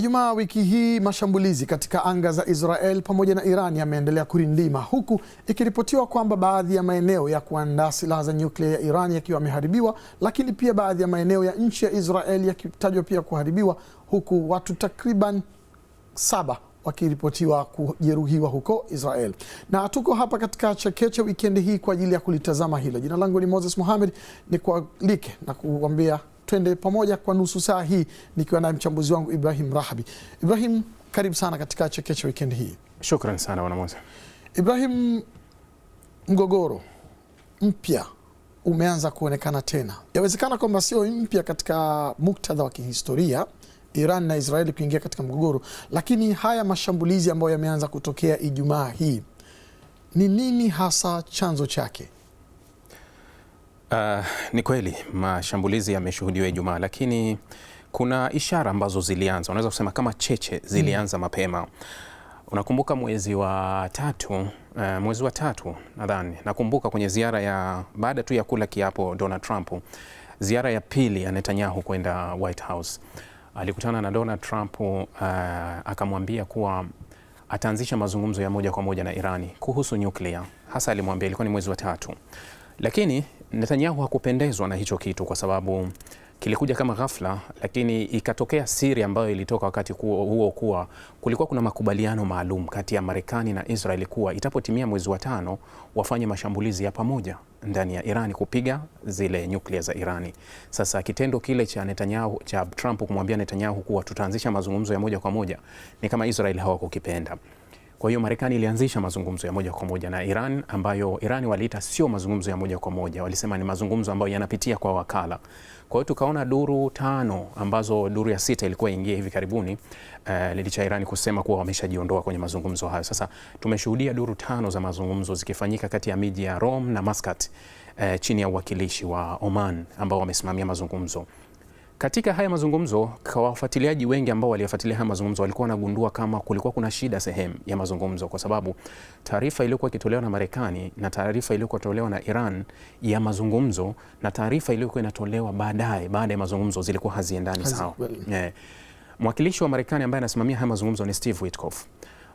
Ijumaa wiki hii mashambulizi katika anga za Israel pamoja na Iran yameendelea kurindima huku ikiripotiwa kwamba baadhi ya maeneo ya kuandaa silaha za nyuklia ya Iran yakiwa yameharibiwa, lakini pia baadhi ya maeneo ya nchi ya Israel yakitajwa pia kuharibiwa huku watu takriban saba wakiripotiwa kujeruhiwa huko Israel. Na tuko hapa katika Chekeche wikendi hii kwa ajili ya kulitazama hilo. Jina langu ni Moses Mohamed, ni kualike na kuambia twende pamoja kwa nusu saa hii nikiwa naye mchambuzi wangu Ibrahim Rahabi. Ibrahim, karibu sana katika Chekeche wikendi hii. Shukran sana bwana Moza. Ibrahim, mgogoro mpya umeanza kuonekana tena. Yawezekana kwamba sio mpya katika muktadha wa kihistoria, Iran na Israeli kuingia katika mgogoro, lakini haya mashambulizi ambayo yameanza kutokea Ijumaa hii, ni nini hasa chanzo chake? Uh, ni kweli mashambulizi yameshuhudiwa Ijumaa, lakini kuna ishara ambazo zilianza, unaweza kusema kama cheche zilianza mm. mapema. Unakumbuka mwezi wa tatu, uh, mwezi wa tatu nadhani, nakumbuka kwenye ziara ya baada tu ya kula kiapo Donald Trump, ziara ya pili ya Netanyahu kwenda White House, alikutana na Donald Trump uh, akamwambia kuwa ataanzisha mazungumzo ya moja kwa moja na Irani kuhusu nyuklia, hasa alimwambia, ilikuwa ni mwezi wa tatu lakini Netanyahu hakupendezwa na hicho kitu kwa sababu kilikuja kama ghafla, lakini ikatokea siri ambayo ilitoka wakati huo kuwa kulikuwa kuna makubaliano maalum kati ya Marekani na Israeli kuwa itapotimia mwezi wa tano wafanye mashambulizi ya pamoja ndani ya Irani kupiga zile nyuklia za Irani. Sasa kitendo kile cha Netanyahu, cha Trump kumwambia Netanyahu kuwa tutaanzisha mazungumzo ya moja kwa moja ni kama Israeli hawakukipenda. Kwa hiyo Marekani ilianzisha mazungumzo ya moja kwa moja na Iran ambayo Iran waliita sio mazungumzo ya moja kwa moja, walisema ni mazungumzo ambayo yanapitia kwa wakala. Kwa hiyo tukaona duru tano ambazo duru ya sita ilikuwa ingia hivi karibuni, uh, licha Iran kusema kuwa wameshajiondoa kwenye mazungumzo hayo. Sasa tumeshuhudia duru tano za mazungumzo zikifanyika kati ya miji ya Rome na Muscat, uh, chini ya uwakilishi wa Oman ambao wamesimamia mazungumzo. Katika haya mazungumzo, kwa wafuatiliaji wengi ambao waliyafuatilia haya mazungumzo walikuwa wanagundua kama kulikuwa kuna shida sehemu ya mazungumzo, kwa sababu taarifa iliyokuwa ikitolewa na Marekani na taarifa iliyokuwa tolewa na Iran ya mazungumzo na taarifa iliyokuwa inatolewa baadaye baada ya mazungumzo zilikuwa haziendani sawa. well. Yeah. Mwakilishi wa Marekani ambaye anasimamia haya mazungumzo ni Steve Witkoff.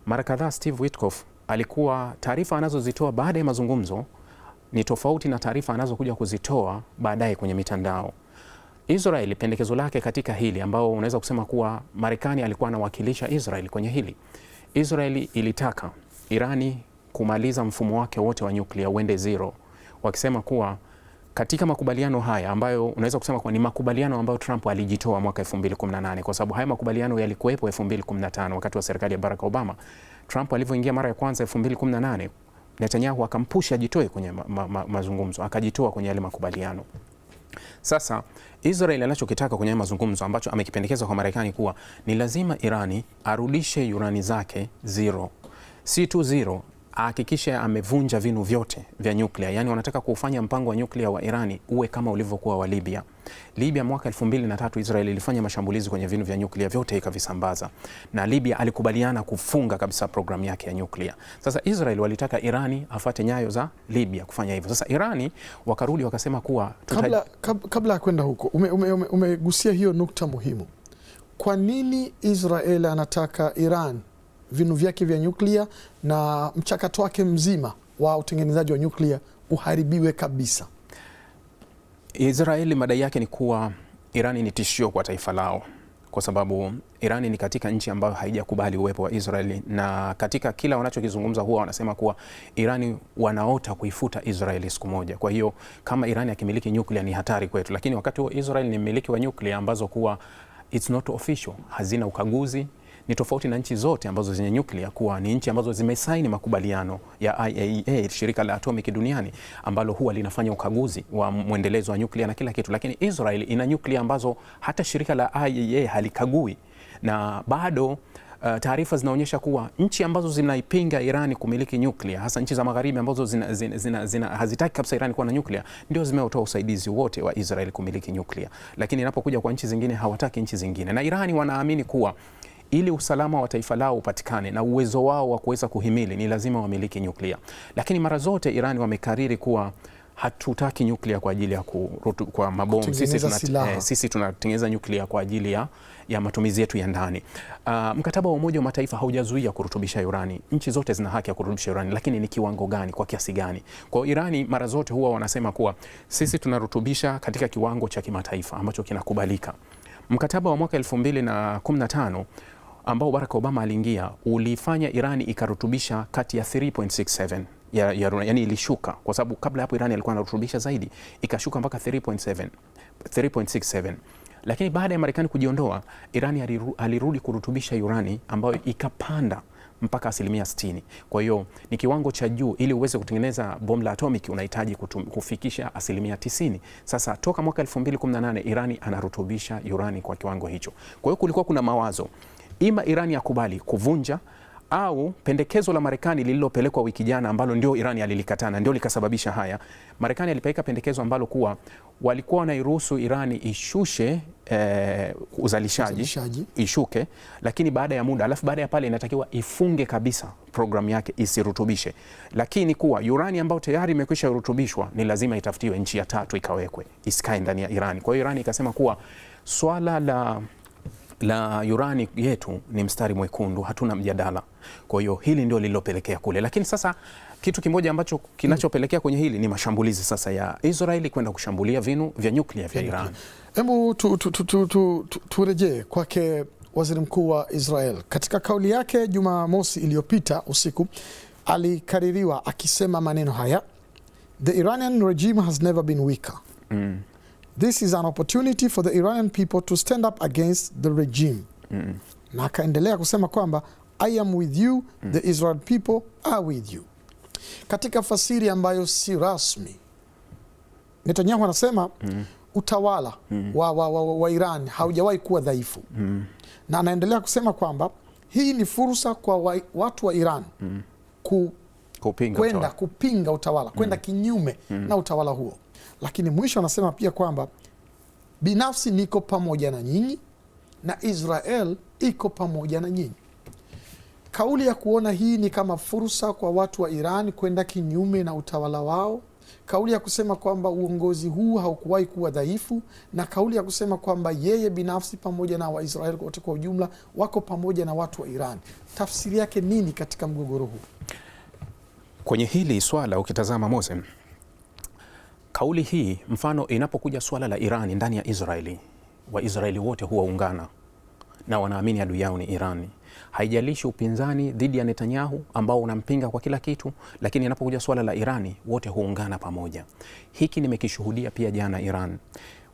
Mara kadhaa Steve Witkoff alikuwa taarifa anazozitoa baada ya mazungumzo ni tofauti na taarifa anazokuja kuzitoa baadaye kwenye mitandao. Israel pendekezo lake katika hili ambao unaweza kusema kuwa Marekani alikuwa anawakilisha Israel kwenye hili. Israel ilitaka Irani kumaliza mfumo wake wote wa nyuklia uende zero, wakisema kuwa katika makubaliano haya ambayo unaweza kusema kuwa ni makubaliano ambayo Trump alijitoa mwaka 2018 kwa sababu haya makubaliano yalikuwepo 2015 wakati wa serikali ya Barack Obama. Trump alivyoingia mara ya kwanza 2018, Netanyahu akampusha ajitoe kwenye ma ma ma mazungumzo, akajitoa kwenye yale makubaliano. Sasa Israel anachokitaka kwenye mazungumzo ambacho amekipendekeza kwa Marekani kuwa ni lazima Irani arudishe urani zake zero, si tu zero ahakikishe amevunja vinu vyote vya nyuklia. yani wanataka kuufanya mpango wa nyuklia wa Irani uwe kama ulivyokuwa wa Libya. Libya mwaka tatu Israel ilifanya mashambulizi kwenye vinu vya nyuklia vyote ikavisambaza, na Libya alikubaliana kufunga kabisa programu yake ya nyuklia. Sasa israel walitaka Irani afate nyayo za Libya kufanya hivyo. Sasa Irani wakarudi wakasema kuwa tuta... kabla, kab, kabla ya kwenda huko umegusia ume, ume, ume hiyo nukta muhimu. Kwa nini israel anataka Iran vinu vyake vya nyuklia na mchakato wake mzima wa utengenezaji wa nyuklia uharibiwe kabisa. Israeli madai yake ni kuwa Irani ni tishio kwa taifa lao kwa sababu Irani ni katika nchi ambayo haijakubali uwepo wa Israeli, na katika kila wanachokizungumza huwa wanasema kuwa Irani wanaota kuifuta Israeli siku moja. Kwa hiyo kama Irani akimiliki nyuklia ni hatari kwetu, lakini wakati huo Israeli ni mmiliki wa nyuklia ambazo kuwa it's not official, hazina ukaguzi ni tofauti na nchi zote ambazo zenye nyuklia kuwa ni nchi ambazo zimesaini makubaliano ya IAEA, e, shirika la atomiki duniani ambalo huwa linafanya ukaguzi wa mwendelezo wa nyuklia na kila kitu, lakini Israel ina nyuklia ambazo hata shirika la IAEA e halikagui na bado Uh, taarifa zinaonyesha kuwa nchi ambazo zinaipinga iran kumiliki nyuklia hasa nchi za magharibi ambazo zina, zina, zina, zina, hazitaki kabisa Iran kuwa na nyuklia ndio zimeotoa usaidizi wote wa Israel kumiliki nyuklia, lakini inapokuja kwa nchi zingine hawataki nchi zingine, na Iran wanaamini kuwa ili usalama wa taifa lao upatikane na uwezo wao wa kuweza kuhimili, ni lazima wamiliki nyuklia. Lakini mara zote Irani wamekariri kuwa hatutaki nyuklia kwa ajili ya kurutu, kwa mabomu. Sisi, tunat, eh, sisi tunatengeneza nyuklia kwa ajili ya, ya matumizi yetu ya ndani. Uh, mkataba wa Umoja wa Mataifa haujazuia kurutubisha urani. Nchi zote zina haki ya kurutubisha urani, lakini ni kiwango gani, kwa kiasi gani? Kwa Irani mara zote huwa wanasema kuwa sisi tunarutubisha katika kiwango cha kimataifa ambacho kinakubalika. Mkataba wa mwaka 2015 ambao Barack Obama aliingia ulifanya iran ikarutubisha kati ya 3.67 ya, ya, yani ilishuka kwa sababu kabla hapo Irani ilikuwa anarutubisha zaidi, ikashuka mpaka 3.7 3.67 lakini baada ya Marekani kujiondoa, Irani alirudi kurutubisha urani ambayo ikapanda mpaka asilimia 60. Kwa hiyo ni kiwango cha juu. Ili uweze kutengeneza bomu la atomic unahitaji kufikisha asilimia 90. Sasa toka mwaka 2018 Irani anarutubisha urani kwa kiwango hicho. Kwa hiyo kulikuwa kuna mawazo ima Irani yakubali kuvunja au pendekezo la Marekani lililopelekwa wiki jana ambalo ndio Irani alilikatana ndio likasababisha haya. Marekani alipeleka pendekezo ambalo kuwa walikuwa wanairuhusu Irani ishushe eh, uzalishaji, uzalishaji ishuke, lakini baada ya muda, alafu baada ya pale inatakiwa ifunge kabisa programu yake isirutubishe, lakini kuwa urani ambayo tayari imekwisha rutubishwa ni lazima itafutiwe nchi ya tatu ikawekwe, isikae ndani ya Irani. Kwa hiyo Irani ikasema kuwa swala la la urani yetu ni mstari mwekundu, hatuna mjadala. Kwa hiyo hili ndio lililopelekea kule, lakini sasa kitu kimoja ambacho kinachopelekea kwenye hili ni mashambulizi sasa ya Israeli kwenda kushambulia vinu vya nyuklia vya Iran. Hebu turejee tu, tu, tu, tu, tu, tu kwake Waziri Mkuu wa Israel katika kauli yake Jumamosi iliyopita usiku alikaririwa akisema maneno haya, The Iranian regime has never been weaker. Mm. This is an opportunity for the Iranian people to stand up against the regime. mm Na akaendelea kusema kwamba I am with you mm. the Israel people are with you, katika fasiri ambayo si rasmi. Netanyahu anasema mm. utawala mm. wa, wa, wa, wa Iran haujawahi kuwa dhaifu mm. na anaendelea kusema kwamba hii ni fursa kwa wa, watu wa Iran mm. ku, kwenda kupinga utawala kwenda mm. kinyume mm. na utawala huo. Lakini mwisho anasema pia kwamba binafsi niko pamoja na nyinyi na Israel iko pamoja na nyinyi. Kauli ya kuona hii ni kama fursa kwa watu wa Iran kwenda kinyume na utawala wao, kauli ya kusema kwamba uongozi huu haukuwahi kuwa dhaifu, na kauli ya kusema kwamba yeye binafsi pamoja na waisrael wote kwa ujumla wako pamoja na watu wa Iran. Tafsiri yake nini katika mgogoro huu? Kwenye hili swala ukitazama Mose Kauli hii mfano, inapokuja swala la Irani ndani ya Israeli, Waisraeli wote huwaungana na wanaamini adui yao ni Irani. Haijalishi upinzani dhidi ya Netanyahu ambao unampinga kwa kila kitu, lakini inapokuja swala la Irani wote huungana pamoja. Hiki nimekishuhudia pia jana Iran.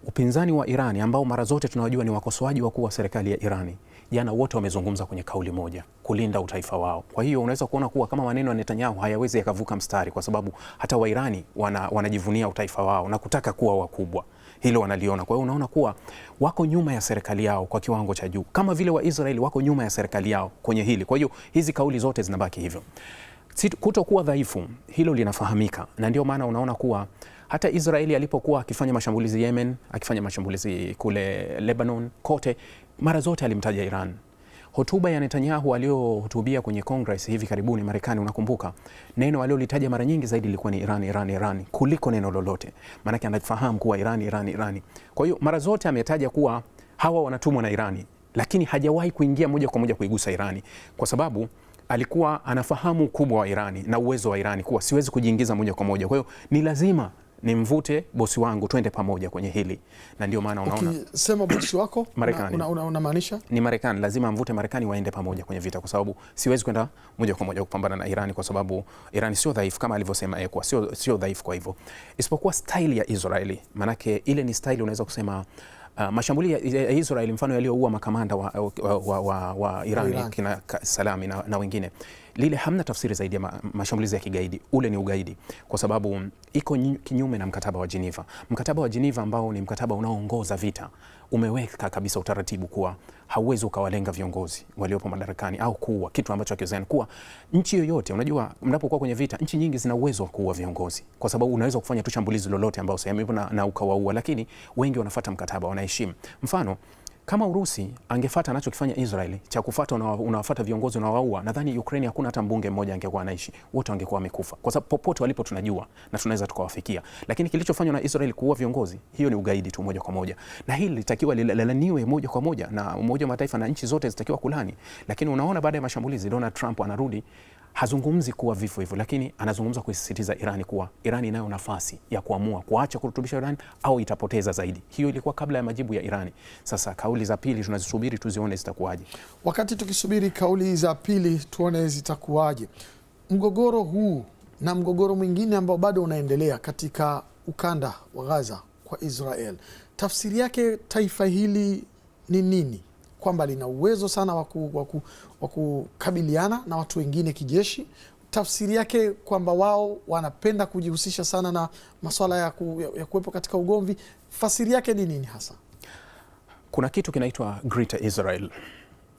Upinzani wa Irani ambao mara zote tunawajua ni wakosoaji wakuu wa serikali ya Irani jana wote wamezungumza kwenye kauli moja, kulinda utaifa wao. Kwa hiyo unaweza kuona kuwa kama maneno ya Netanyahu hayawezi yakavuka mstari, kwa sababu hata Wairani wana, wanajivunia utaifa wao na kutaka kuwa wakubwa, hilo wanaliona. Kwa hiyo unaona kuwa wako nyuma ya serikali yao kwa kiwango cha juu, kama vile Waisraeli wako nyuma ya serikali yao kwenye hili. Kwa hiyo hizi kauli zote zinabaki hivyo, kutokuwa dhaifu, hilo linafahamika, na ndio maana unaona kuwa hata Israeli alipokuwa akifanya mashambulizi Yemen, akifanya mashambulizi kule Lebanon, kote mara zote alimtaja Iran. Hotuba ya Netanyahu aliyohutubia kwenye Congress hivi karibuni Marekani, unakumbuka neno alilolitaja mara nyingi zaidi ilikuwa ni Iran, Iran, Iran kuliko neno lolote, maanake anafahamu kuwa Iran, Iran, Iran. Kwa hiyo mara zote ametaja kuwa hawa wanatumwa na Irani, lakini hajawahi kuingia moja kwa moja kuigusa Irani kwa sababu alikuwa anafahamu ukubwa wa Irani na uwezo wa Irani kuwa siwezi kujiingiza moja kwa moja, kwa hiyo ni lazima ni mvute bosi wangu twende pamoja kwenye hili, na ndio maana unaona ukisema bosi wako Marekani unamaanisha una, una ni Marekani. Lazima mvute Marekani waende pamoja kwenye vita, kwa sababu siwezi kwenda moja kwa moja kupambana na Irani kwa sababu Irani sio dhaifu kama alivyosema Ekwa, sio sio dhaifu, kwa hivyo isipokuwa style ya Israeli, manake ile ni style unaweza kusema Uh, mashambulio ya Israeli mfano yaliyoua makamanda wa, wa, wa, wa, wa Iran, kina Salami na, na wengine lile hamna tafsiri zaidi ya mashambulizi ya kigaidi. Ule ni ugaidi kwa sababu iko kinyume na mkataba wa Geneva. Mkataba wa Geneva ambao ni mkataba unaoongoza vita umeweka kabisa utaratibu kuwa hauwezi ukawalenga viongozi waliopo madarakani au kuua kitu ambacho hakiwezekani. Kuwa nchi yoyote, unajua mnapokuwa kwenye vita, nchi nyingi zina uwezo wa kuua viongozi, kwa sababu unaweza kufanya tu shambulizi lolote ambao sehemu ipo na, na ukawaua, lakini wengi wanafuata mkataba, wanaheshimu mfano kama Urusi angefuata anachokifanya Israeli cha kufuata unawafuata viongozi unawaua, nadhani Ukraine hakuna hata mbunge mmoja angekuwa anaishi, wote wangekuwa wamekufa, kwa sababu popote walipo tunajua na tunaweza tukawafikia. Lakini kilichofanywa na Israeli kuua viongozi, hiyo ni ugaidi tu moja kwa moja, na hili litakiwa lilalaniwe moja kwa moja na Umoja wa Mataifa na nchi zote zitakiwa kulani. Lakini unaona baada ya mashambulizi Donald Trump anarudi hazungumzi kuwa vifo hivyo, lakini anazungumza kuisisitiza Irani kuwa Irani inayo nafasi ya kuamua kuacha kurutubisha urani au itapoteza zaidi. Hiyo ilikuwa kabla ya majibu ya Irani. Sasa kauli za pili tunazisubiri tuzione zitakuwaje. Wakati tukisubiri kauli za pili tuone zitakuwaje, mgogoro huu na mgogoro mwingine ambao bado unaendelea katika ukanda wa Gaza kwa Israel, tafsiri yake taifa hili ni nini? kwamba lina uwezo sana wa kukabiliana na watu wengine kijeshi. Tafsiri yake kwamba wao wanapenda kujihusisha sana na maswala ya, ku, ya, ya kuwepo katika ugomvi. Fasiri yake ni nini hasa? Kuna kitu kinaitwa Greater Israel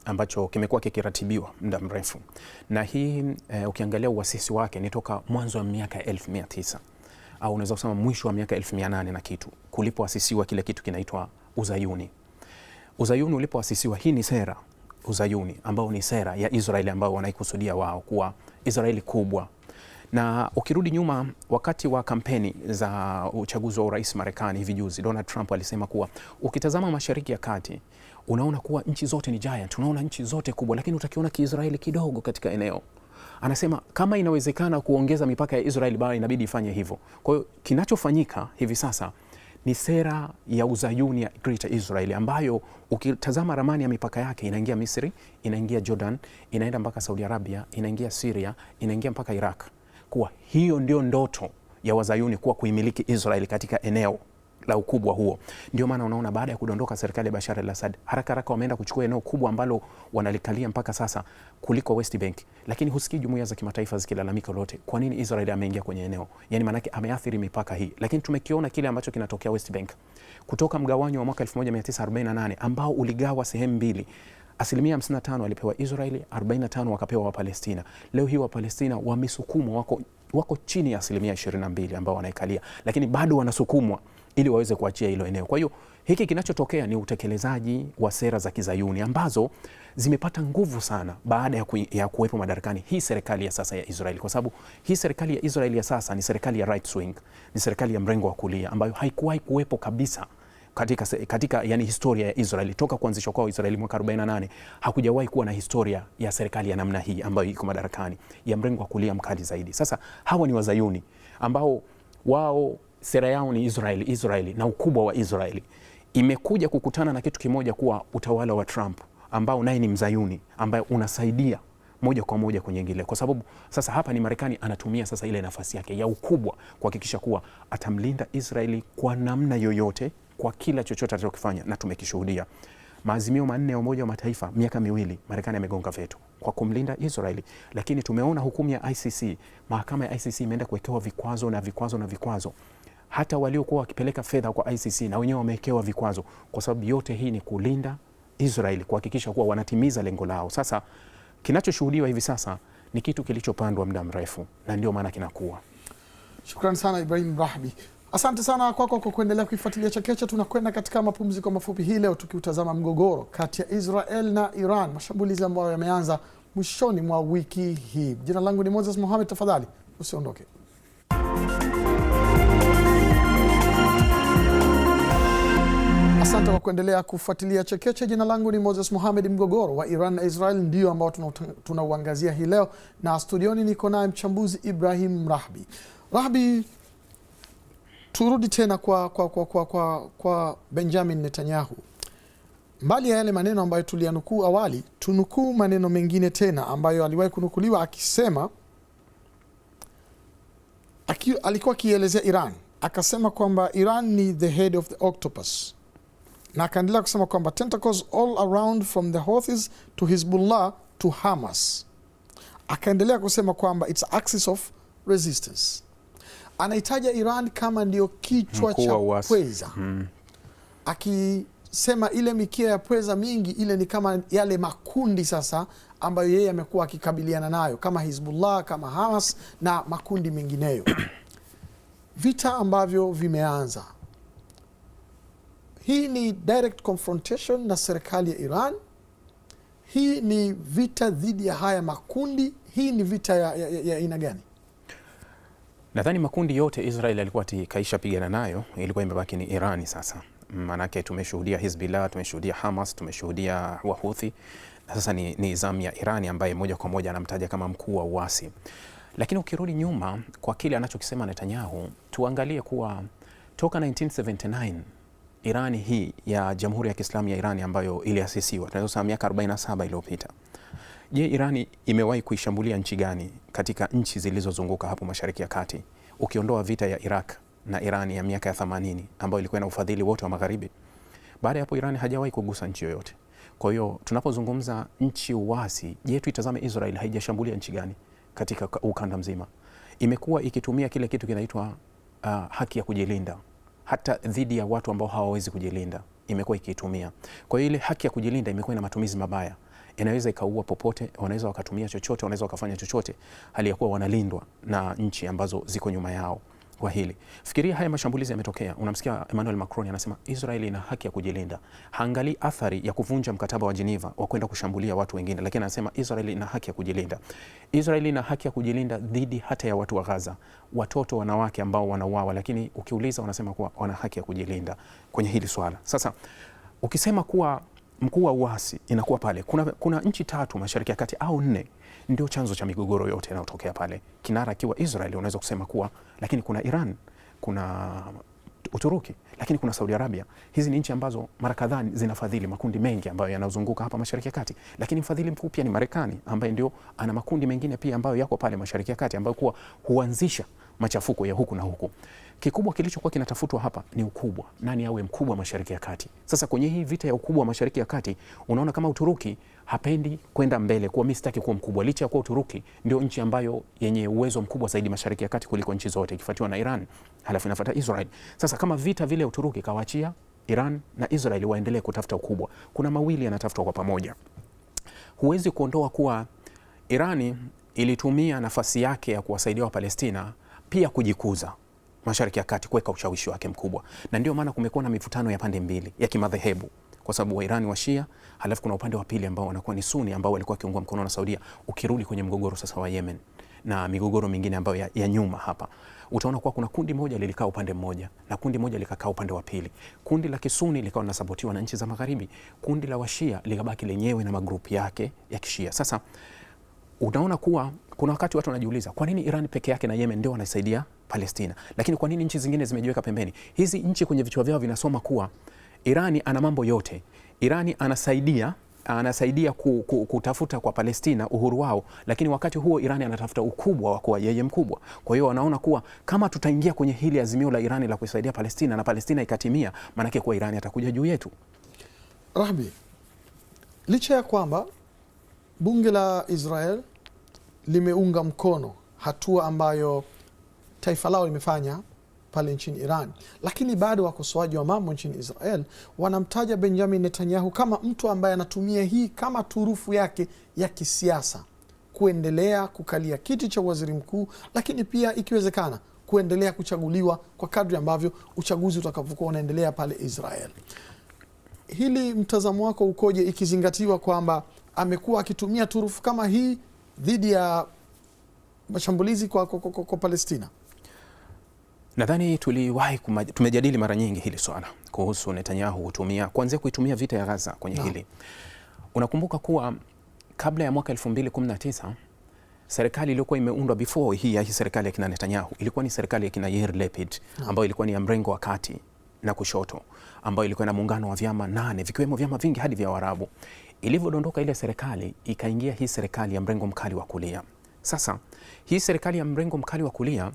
ambacho kimekuwa kikiratibiwa muda mrefu na hii eh, ukiangalia uasisi wake ni toka mwanzo wa miaka tisa au unaweza kusema mwisho wa miaka nane na kitu kulipoasisiwa kile kitu kinaitwa Uzayuni. Uzayuni ulipoasisiwa, hii ni sera Uzayuni ambao ni sera ya Israeli ambao wanaikusudia wao kuwa Israeli kubwa. Na ukirudi nyuma, wakati wa kampeni za uchaguzi wa urais Marekani hivi juzi, Donald Trump alisema kuwa ukitazama Mashariki ya Kati unaona kuwa nchi zote ni giant, unaona nchi zote kubwa, lakini utakiona kiisraeli kidogo katika eneo. Anasema kama inawezekana kuongeza mipaka ya Israeli, bado inabidi ifanye hivyo. Kwa hiyo kinachofanyika hivi sasa ni sera ya uzayuni ya Greater Israel ambayo ukitazama ramani ya mipaka yake inaingia Misri, inaingia Jordan, inaenda mpaka Saudi Arabia, inaingia Syria, inaingia mpaka Iraq. Kuwa hiyo ndio ndoto ya wazayuni kuwa kuimiliki Israel katika eneo la ukubwa huo. Ndio maana unaona baada ya kudondoka serikali ya Bashar al-Assad haraka haraka wameenda kuchukua eneo kubwa ambalo wanalikalia mpaka sasa kuliko West Bank, lakini husikii jumuiya za kimataifa zikilalamika lolote. Kwa nini Israel ameingia kwenye eneo? Yani maanake ameathiri mipaka hii, lakini tumekiona kile ambacho kinatokea West Bank kutoka mgawanyo wa mwaka 1948 ambao uligawa sehemu mbili asilimia 55 alipewa Israeli, 45 wakapewa Wapalestina. Leo hii Wapalestina wamesukumwa, wako, wako chini ya asilimia 22 ambao wanaikalia, lakini bado wanasukumwa ili waweze kuachia hilo eneo. Kwa hiyo hiki kinachotokea ni utekelezaji wa sera za kizayuni ambazo zimepata nguvu sana baada ya, ku, ya kuwepo madarakani hii serikali ya sasa ya Israeli, kwa sababu hii serikali ya Israeli ya sasa ni serikali ya right wing, ni serikali ya mrengo wa kulia ambayo haikuwahi kuwepo kabisa katika, katika yani historia ya Israeli toka kuanzishwa kwa Israeli mwaka 48 hakujawahi kuwa na historia ya serikali ya namna hii ambayo iko madarakani ya mrengo wa kulia mkali zaidi. Sasa hawa ni wazayuni ambao wao sera yao ni Israeli, Israeli na ukubwa wa Israeli, imekuja kukutana na kitu kimoja kuwa utawala wa Trump ambao naye ni mzayuni ambaye unasaidia moja kwa moja kwenye ngile, kwa sababu sasa hapa ni Marekani anatumia sasa ile nafasi yake ya ukubwa kuhakikisha kuwa atamlinda Israeli kwa namna yoyote, kwa kila chochote atakachokifanya, na tumekishuhudia maazimio manne ya Umoja wa Mataifa miaka miwili Marekani amegonga veto kwa kumlinda Israeli, lakini tumeona hukumu ya ICC, mahakama ya ICC imeenda kuwekewa vikwazo na vikwazo na vikwazo hata waliokuwa wakipeleka fedha kwa ICC na wenyewe wamewekewa vikwazo, kwa sababu yote hii ni kulinda Israel, kuhakikisha kuwa wanatimiza lengo lao. Sasa kinachoshuhudiwa hivi sasa ni kitu kilichopandwa muda mrefu, na ndio maana kinakuwa. Shukran sana Ibrahim Rahbi, asante sana kwako kwa kuendelea kuifuatilia Chekeche. Tunakwenda katika mapumziko mafupi hii leo tukiutazama mgogoro kati ya Israel na Iran, mashambulizi ambayo yameanza mwishoni mwa wiki hii. Jina langu ni Moses Mohamed, tafadhali usiondoke. Asante kwa kuendelea kufuatilia Chekeche. Jina langu ni Moses muhamed Mgogoro wa Iran na Israel ndio ambao tunauangazia hii leo, na studioni niko naye mchambuzi Ibrahim Rahbi. Rahbi, turudi tena kwa, kwa, kwa, kwa, kwa, kwa Benjamin Netanyahu. Mbali ya yale maneno ambayo tuliyanukuu awali, tunukuu maneno mengine tena ambayo aliwahi kunukuliwa akisema aki, alikuwa akielezea Iran akasema kwamba Iran ni the head of the octopus na akaendelea kusema kwamba tentacles all around from the Houthis to Hizbullah to Hamas. Akaendelea kusema kwamba it's axis of resistance. Anaitaja Iran kama ndiyo kichwa cha pweza hmm. Akisema ile mikia ya pweza mingi ile ni kama yale makundi sasa ambayo yeye amekuwa akikabiliana nayo kama Hizbullah, kama Hamas na makundi mengineyo vita ambavyo vimeanza hii ni direct confrontation na serikali ya Iran. Hii ni vita dhidi ya haya makundi. Hii ni vita ya aina gani? Nadhani makundi yote Israel alikuwa tikaisha pigana nayo, ilikuwa imebaki ni iran sasa. Maanake tumeshuhudia Hizbillah, tumeshuhudia Hamas, tumeshuhudia Wahuthi na sasa ni, ni zamu ya iran ambaye moja kwa moja anamtaja kama mkuu wa uasi. Lakini ukirudi nyuma kwa kile anachokisema Netanyahu, tuangalie kuwa toka 1979 Irani hii ya Jamhuri ya Kiislamu ya Irani ambayo iliasisiwa tunaweza miaka 47 iliyopita. Je, Irani imewahi kuishambulia nchi gani katika nchi zilizozunguka hapo Mashariki ya Kati, ukiondoa vita ya Iraq na Irani ya miaka ya 80 ambayo ilikuwa na ufadhili wote wa Magharibi? Baada ya hapo, Irani hajawahi kugusa nchi yoyote. Kwa hiyo tunapozungumza nchi uasi, je, tuitazame Israel haijashambulia nchi gani katika ukanda mzima? Imekuwa ikitumia kile kitu kinaitwa uh, haki ya kujilinda hata dhidi ya watu ambao hawawezi kujilinda imekuwa ikiitumia. Kwa hiyo ile haki ya kujilinda imekuwa ina matumizi mabaya, inaweza ikaua popote, wanaweza wakatumia chochote, wanaweza wakafanya chochote, hali ya kuwa wanalindwa na nchi ambazo ziko nyuma yao kwa hili. Fikiria haya mashambulizi yametokea, unamsikia Emmanuel Macron anasema Israeli ina haki ya kujilinda. Haangalii athari ya kuvunja mkataba wa Geneva wa kwenda kushambulia watu wengine, lakini anasema Israeli ina haki ya kujilinda. Israeli ina haki ya kujilinda dhidi hata ya watu wa Gaza, watoto, wanawake ambao wanauawa, lakini ukiuliza wanasema kuwa wana haki ya kujilinda kwenye hili swala. Sasa ukisema kuwa mkuu wa uasi inakuwa pale. Kuna, kuna nchi tatu Mashariki ya Kati au nne ndio chanzo cha migogoro yote inayotokea pale, kinara akiwa Israel unaweza kusema kuwa, lakini kuna Iran, kuna Uturuki, lakini kuna Saudi Arabia. Hizi ni nchi ambazo mara kadhaa zinafadhili makundi mengi ambayo yanazunguka hapa Mashariki ya Kati, lakini mfadhili mkuu pia ni Marekani ambaye ndio ana makundi mengine pia ambayo yako pale Mashariki ya Kati ambayo kuwa huanzisha machafuko ya huku na huku. Kikubwa kilichokuwa kinatafutwa hapa ni ukubwa, nani awe mkubwa mashariki ya kati. Sasa kwenye hii vita ya ukubwa wa mashariki ya kati, unaona kama Uturuki hapendi kwenda mbele, kuwa mi sitaki kuwa mkubwa, licha ya kuwa Uturuki ndio nchi ambayo yenye uwezo mkubwa zaidi mashariki ya kati kuliko nchi zote, ikifuatiwa na Iran, halafu inafuata Israel. Sasa kama vita vile Uturuki kawaachia Iran na Israel waendelee kutafuta ukubwa, kuna mawili yanatafutwa kwa pamoja. Huwezi kuondoa kuwa Irani ilitumia nafasi yake ya kuwasaidia Wapalestina pia kujikuza Mashariki ya Kati kuweka ushawishi wake mkubwa, na ndio maana kumekuwa na mivutano ya pande mbili ya kimadhehebu kwa sababu Wairani wa Shia, halafu kuna upande wa pili ambao wanakuwa ni Suni ambao walikuwa wakiungwa mkono na Saudia. Ukirudi kwenye mgogoro sasa wa Yemen na migogoro mingine ambayo ya, ya nyuma hapa utaona kuwa kuna kundi moja lilikaa upande mmoja na kundi moja likakaa upande wa pili. Kundi la Kisuni likawa linasapotiwa na nchi za Magharibi, kundi la Washia likabaki lenyewe na magrupu yake ya Kishia. Sasa unaona kuwa kuna wakati watu wanajiuliza kwa nini Iran peke yake na Yemen ndio wanasaidia Palestina. Lakini kwa nini nchi zingine zimejiweka pembeni? Hizi nchi kwenye vichwa vyao vinasoma kuwa Irani ana mambo yote, Irani anasaidia anasaidia ku, ku, kutafuta kwa Palestina uhuru wao, lakini wakati huo Irani anatafuta ukubwa wa kuwa yeye mkubwa. Kwa hiyo wanaona kuwa kama tutaingia kwenye hili azimio la Irani la kuisaidia Palestina na Palestina ikatimia, maanake kuwa Irani atakuja juu yetu. Rahbi, licha ya kwamba bunge la Israel limeunga mkono hatua ambayo taifa lao limefanya pale nchini Iran, lakini bado wakosoaji wa mambo nchini Israel wanamtaja Benjamin Netanyahu kama mtu ambaye anatumia hii kama turufu yake ya kisiasa kuendelea kukalia kiti cha waziri mkuu, lakini pia ikiwezekana kuendelea kuchaguliwa kwa kadri ambavyo uchaguzi utakavyokuwa unaendelea pale Israel. Hili mtazamo wako ukoje, ikizingatiwa kwamba amekuwa akitumia turufu kama hii dhidi ya mashambulizi kwa, kwa, kwa, kwa Palestina? Nadhani tuliwahi tumejadili mara nyingi hili swala kuhusu Netanyahu kutumia kuanzia kuitumia vita ya Gaza kwenye no. hili. Unakumbuka kuwa kabla ya mwaka 2019 serikali iliyokuwa imeundwa before hii ya serikali ya kina Netanyahu ilikuwa ni serikali ya kina Yair Lapid no. ambayo ilikuwa ni ya mrengo wa kati na kushoto ambayo ilikuwa na muungano wa vyama nane vikiwemo vyama vingi hadi vya Waarabu. Ilivyodondoka ile serikali, ikaingia hii serikali ya mrengo mkali wa kulia. Sasa hii serikali ya mrengo mkali wa kulia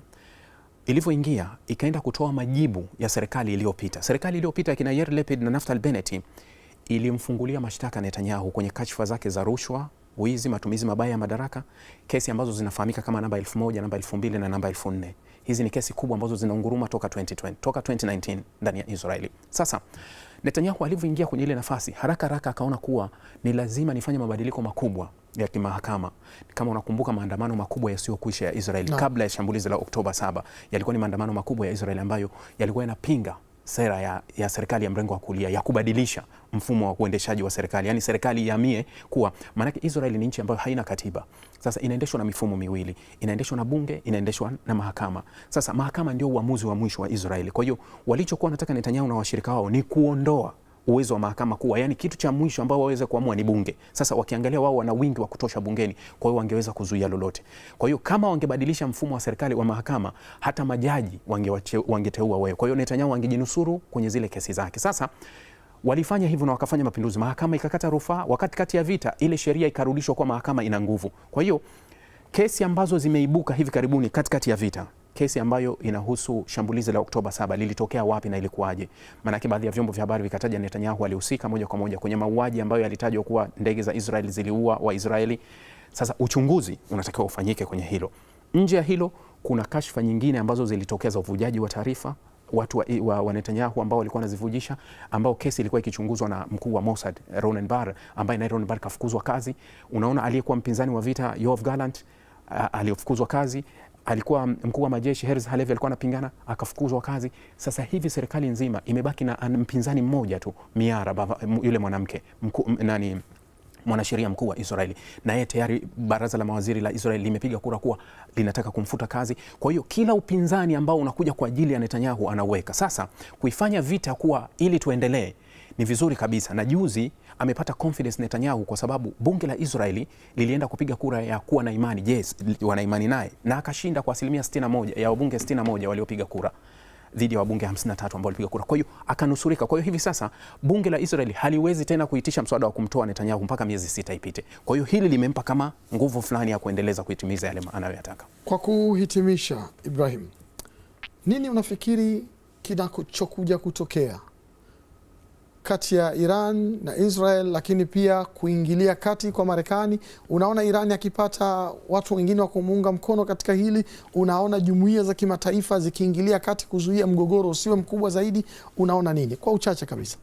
ilivyoingia ikaenda kutoa majibu ya serikali iliyopita. Serikali iliyopita kina Yair Lapid na Naftali Bennett ilimfungulia mashtaka Netanyahu kwenye kashfa zake za rushwa, wizi, matumizi mabaya ya madaraka, kesi ambazo zinafahamika kama namba 1000, namba 2000 na namba 4000 hizi ni kesi kubwa ambazo zinaunguruma toka 2020, toka 2019 ndani ya Israeli. Sasa Netanyahu alivyoingia kwenye ile nafasi haraka haraka akaona kuwa ni lazima nifanye mabadiliko makubwa ya kimahakama. Kama unakumbuka maandamano makubwa yasiyokwisha ya Israeli no. kabla ya shambulizi la Oktoba 7 yalikuwa ni maandamano makubwa ya Israeli ambayo yalikuwa yanapinga sera ya, ya serikali ya mrengo wa kulia ya kubadilisha mfumo wa uendeshaji wa serikali, yani serikali ihamie kuwa, maanake Israeli ni nchi ambayo haina katiba. Sasa inaendeshwa na mifumo miwili, inaendeshwa na bunge, inaendeshwa na mahakama. Sasa mahakama ndio uamuzi wa mwisho wa Israeli. Kwa hiyo walichokuwa wanataka Netanyahu na washirika wao ni kuondoa uwezo wa mahakama kuwa, yani kitu cha mwisho ambao waweze kuamua ni bunge. Sasa wakiangalia wao wana wingi wa kutosha bungeni, kwa hiyo wangeweza kuzuia lolote. Kwa hiyo kama wangebadilisha mfumo wa serikali wa mahakama, hata majaji wangeteua wao. Kwa hiyo Netanyahu angejinusuru kwenye zile kesi zake. Sasa walifanya hivyo na wakafanya mapinduzi, mahakama ikakata rufaa. Wakati kati ya vita, ile sheria ikarudishwa kwa mahakama ina nguvu. Kwa hiyo kesi ambazo zimeibuka hivi karibuni katikati ya vita kesi ambayo inahusu shambulizi la Oktoba saba lilitokea wapi na ilikuwaje? Maanake baadhi ya vyombo vya habari vikataja Netanyahu alihusika moja kwa moja kwenye mauaji ambayo yalitajwa kuwa ndege za Israeli ziliua Waisraeli. Sasa uchunguzi unatakiwa ufanyike kwenye hilo. Nje ya hilo, kuna kashfa nyingine ambazo zilitokea za uvujaji wa taarifa watu wa, wa, wa Netanyahu ambao walikuwa wanazivujisha, ambao kesi ilikuwa ikichunguzwa na mkuu wa Mossad Ronen Bar, ambaye naye Ronen Bar kafukuzwa kazi. Unaona, aliyekuwa mpinzani wa vita Yoav Gallant aliyofukuzwa kazi, alikuwa mkuu wa majeshi Herz Halevi alikuwa anapingana akafukuzwa kazi. Sasa hivi serikali nzima imebaki na mpinzani mmoja tu, Miara baba, yule mwanamke mku, nani mwanasheria mkuu wa Israeli na yeye tayari baraza la mawaziri la Israeli limepiga kura kuwa linataka kumfuta kazi. Kwa hiyo kila upinzani ambao unakuja kwa ajili ya Netanyahu anaweka sasa, kuifanya vita kuwa ili tuendelee ni vizuri kabisa. Na juzi amepata confidence Netanyahu kwa sababu bunge la Israeli lilienda kupiga kura ya kuwa na imani, yes, wana imani naye na akashinda kwa asilimia 61 ya wabunge 61 waliopiga kura dhidi ya wabunge 53 ambao walipiga kura. Kwa hiyo akanusurika. Kwa hiyo hivi sasa bunge la Israeli haliwezi tena kuitisha mswada wa kumtoa Netanyahu mpaka miezi sita ipite. Kwa hiyo hili limempa kama nguvu fulani ya kuendeleza kuitimiza yale anayoyataka. Kwa kuhitimisha, Ibrahim, nini unafikiri kinachokuja kutokea kati ya Iran na Israel, lakini pia kuingilia kati kwa Marekani. Unaona Iran akipata watu wengine wa kumuunga mkono katika hili, unaona jumuiya za kimataifa zikiingilia kati kuzuia mgogoro usiwe mkubwa zaidi. Unaona nini kwa uchache kabisa?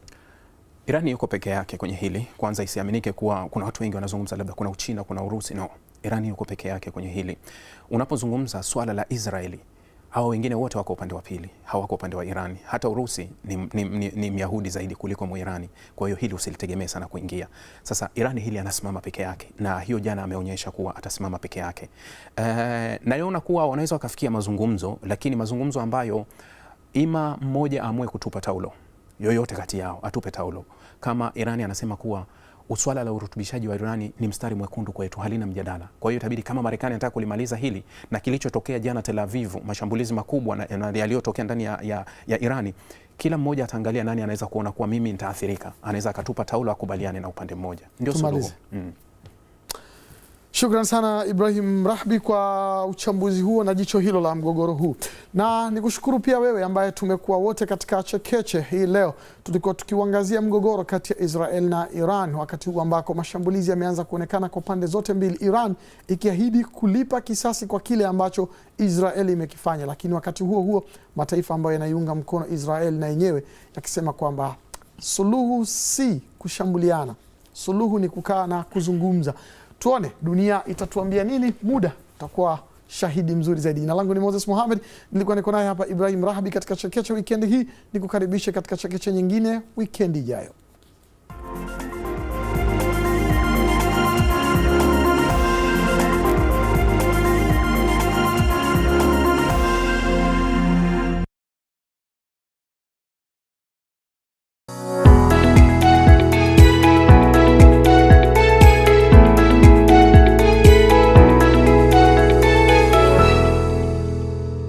Irani yuko peke yake kwenye hili. Kwanza isiaminike kuwa kuna watu wengi wanazungumza, labda kuna Uchina, kuna Urusi. No, Irani yuko peke yake kwenye hili. Unapozungumza swala la Israeli hawa wengine wote wako upande wa pili, hawako upande wa Irani. Hata Urusi ni, ni, ni, ni myahudi zaidi kuliko Mwirani, kwa hiyo hili usilitegemee sana kuingia. Sasa Irani hili anasimama peke yake, na hiyo jana ameonyesha kuwa atasimama peke yake. E, eh, naona kuwa wanaweza wakafikia mazungumzo, lakini mazungumzo ambayo ima mmoja aamue kutupa taulo, yoyote kati yao atupe taulo, kama Irani anasema kuwa swala la urutubishaji wa urani ni mstari mwekundu kwetu, halina mjadala. Kwa hiyo itabidi kama Marekani anataka kulimaliza hili na kilichotokea jana Tel Aviv, mashambulizi makubwa na yaliyotokea ndani ya, ya, ya Irani, kila mmoja ataangalia nani anaweza kuona kuwa mimi nitaathirika, anaweza akatupa taulo akubaliane na upande mmoja, ndio suluhu. Shukran sana Ibrahim Rahbi kwa uchambuzi huo na jicho hilo la mgogoro huu, na nikushukuru pia wewe ambaye tumekuwa wote katika chekeche hii leo. Tulikuwa tukiuangazia mgogoro kati ya Israel na Iran, wakati huu ambako mashambulizi yameanza kuonekana kwa pande zote mbili, Iran ikiahidi kulipa kisasi kwa kile ambacho Israel imekifanya, lakini wakati huo huo mataifa ambayo yanaiunga mkono Israel na yenyewe yakisema kwamba suluhu si kushambuliana, suluhu ni kukaa na kuzungumza. Tuone dunia itatuambia nini, muda utakuwa shahidi mzuri zaidi. Jina langu ni Moses Mohamed, nilikuwa niko naye hapa Ibrahim Rahabi katika Chekeche wikendi hii. Nikukaribishe katika Chekeche nyingine wikendi ijayo.